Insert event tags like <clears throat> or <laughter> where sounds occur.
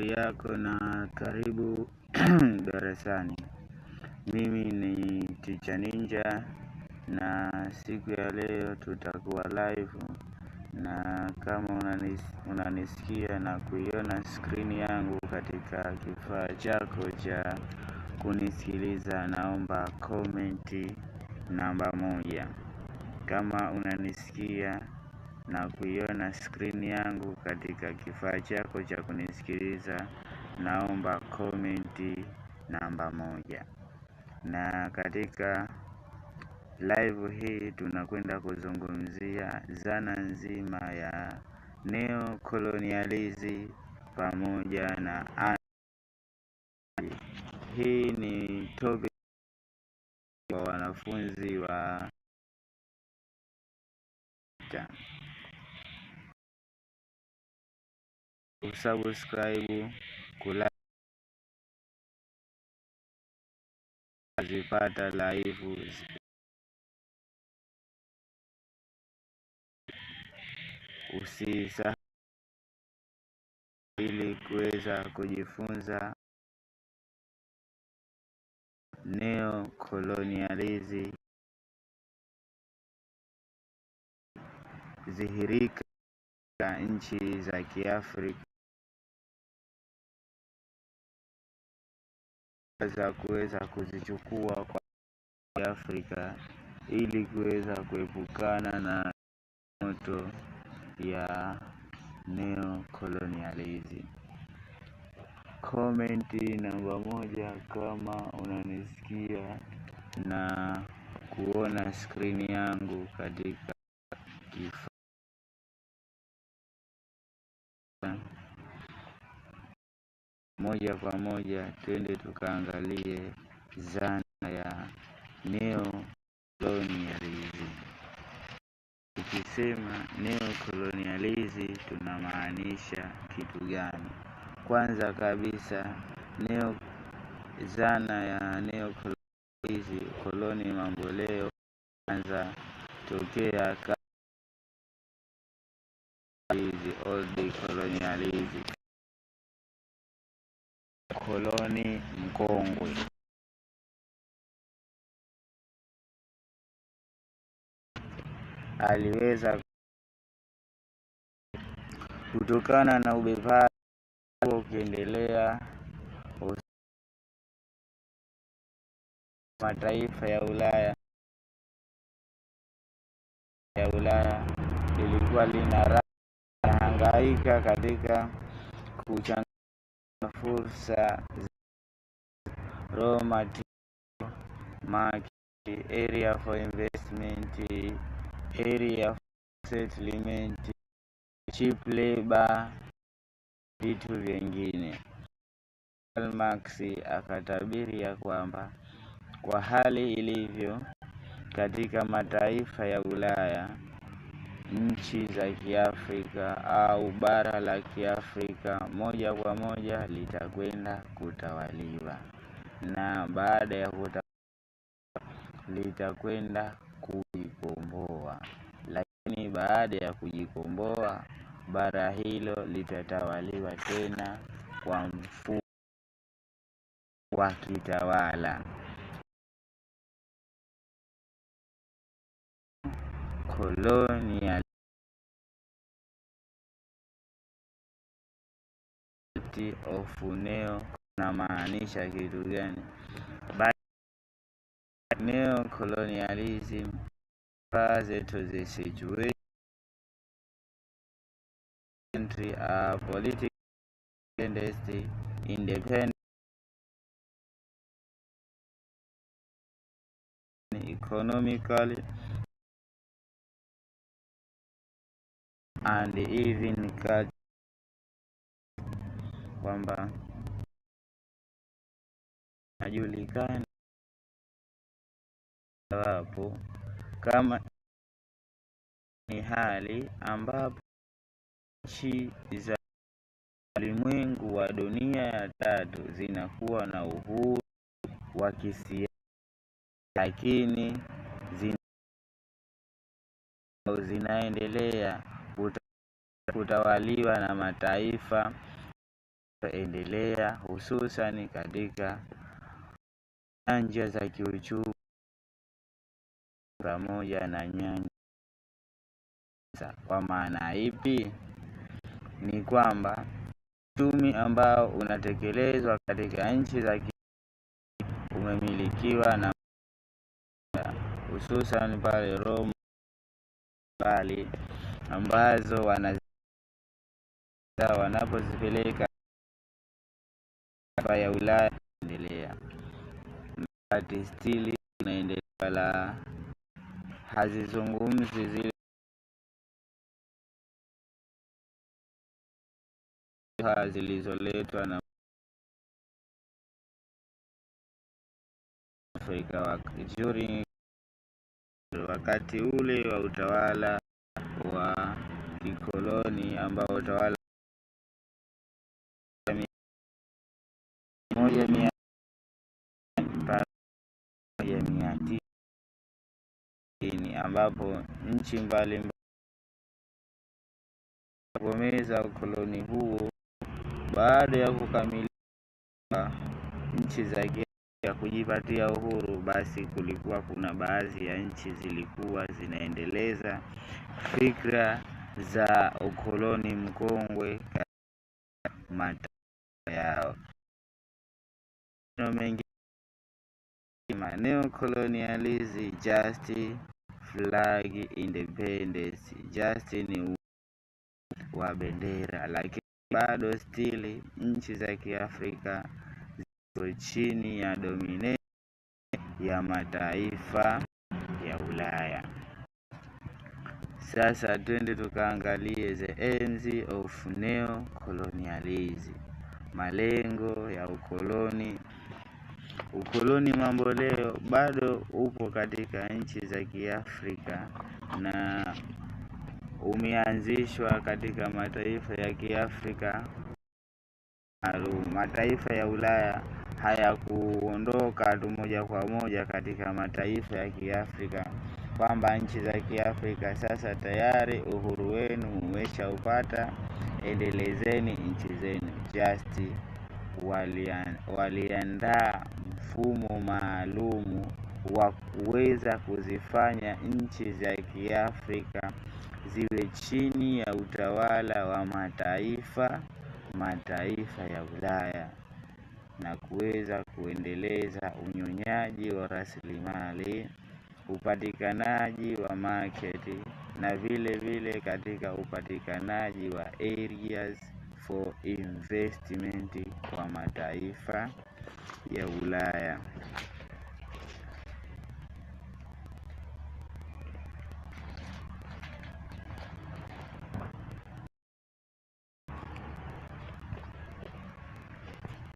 habari yako na karibu <clears throat> darasani. Mimi ni Teacher Ninja na siku ya leo tutakuwa live na kama unanis, unanisikia na kuiona skrini yangu katika kifaa chako cha kunisikiliza, naomba komenti namba moja. Kama unanisikia na kuiona skrini yangu katika kifaa chako cha kunisikiliza, naomba komenti namba moja. Na katika live hii tunakwenda kuzungumzia zana nzima ya neokolonializi pamoja na hii ni topic kwa wanafunzi wa kusubscribe kulike zipata live usisa ili kuweza kujifunza neo kolonializi zihirika nchi za Kiafrika za kuweza kuzichukua kwa Afrika ili kuweza kuepukana na moto ya colonialism. Comment namba moja kama unanisikia na kuona skrini yangu katika kifaa moja kwa moja twende tukaangalie dhana ya neokolonialism Tukisema neo-colonialism tunamaanisha kitu gani? Kwanza kabisa neo, dhana ya neo-colonialism, koloni mamboleo kwanza tokea hizi old colonialism mkoloni mkongwe aliweza kutokana na ubebaji huo ukiendelea mataifa ya Ulaya ya Ulaya lilikuwa linahangaika katika kuchanga fursa raw material market area for investment area for settlement cheap labor vitu vingine. Karl Marx akatabiri ya kwamba kwa hali ilivyo katika mataifa ya Ulaya nchi za Kiafrika au bara la Kiafrika moja kwa moja litakwenda kutawaliwa na baada ya kutawaliwa litakwenda kujikomboa, lakini baada ya kujikomboa bara hilo litatawaliwa tena kwa mfumo wa kitawala. koloni ya Ofuneo kunamaanisha kitu gani? Neo-colonialism refers to the situation country are politically independent economically and even kwamba najulikana wapo kama ni hali ambapo nchi za ulimwengu wa dunia ya tatu zinakuwa na uhuru wa kisiasa, lakini zina zinaendelea kutawaliwa na mataifa endelea hususan katika nyanja za kiuchumi pamoja na nyanja. Kwa maana ipi? Ni kwamba uchumi ambao unatekelezwa katika nchi za umemilikiwa na hususan pale Roma mbali ambazo wana zao wanapozipeleka bara ya Ulaya endelea but stili inaendelea, wala hazizungumzi zile zilizoletwa na Afrika wakati, wakati ule wa utawala wa kikoloni ambao utawala moja mia mia tisini ambapo nchi mbalimbali kutokomeza ukoloni huo baada ya kukamilika nchi za ya kujipatia uhuru, basi kulikuwa kuna baadhi ya nchi zilikuwa zinaendeleza fikra za ukoloni mkongwe katika mataifa yao maneno mengine Neo-colonialism just flag independence just ni wa bendera lakini bado stili nchi za Kiafrika ziko chini ya domination ya mataifa ya Ulaya. Sasa twende tukaangalie the ends of neo colonialism malengo ya ukoloni. Ukoloni mambo leo bado upo katika nchi za Kiafrika na umeanzishwa katika mataifa ya Kiafrika maalum. Mataifa ya Ulaya hayakuondoka tu moja kwa moja katika mataifa ya Kiafrika, kwamba nchi za Kiafrika sasa tayari uhuru wenu umeshaupata endelezeni nchi zenu Just waliandaa mfumo maalum wa kuweza kuzifanya nchi za Kiafrika ziwe chini ya utawala wa mataifa mataifa ya Ulaya na kuweza kuendeleza unyonyaji wa rasilimali upatikanaji wa maketi na vile vile katika upatikanaji wa areas for investment kwa mataifa ya Ulaya